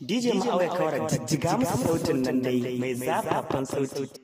DJ Ma'awai Kawarar jijjiga musu sautin nan dai mai zafafan sauti.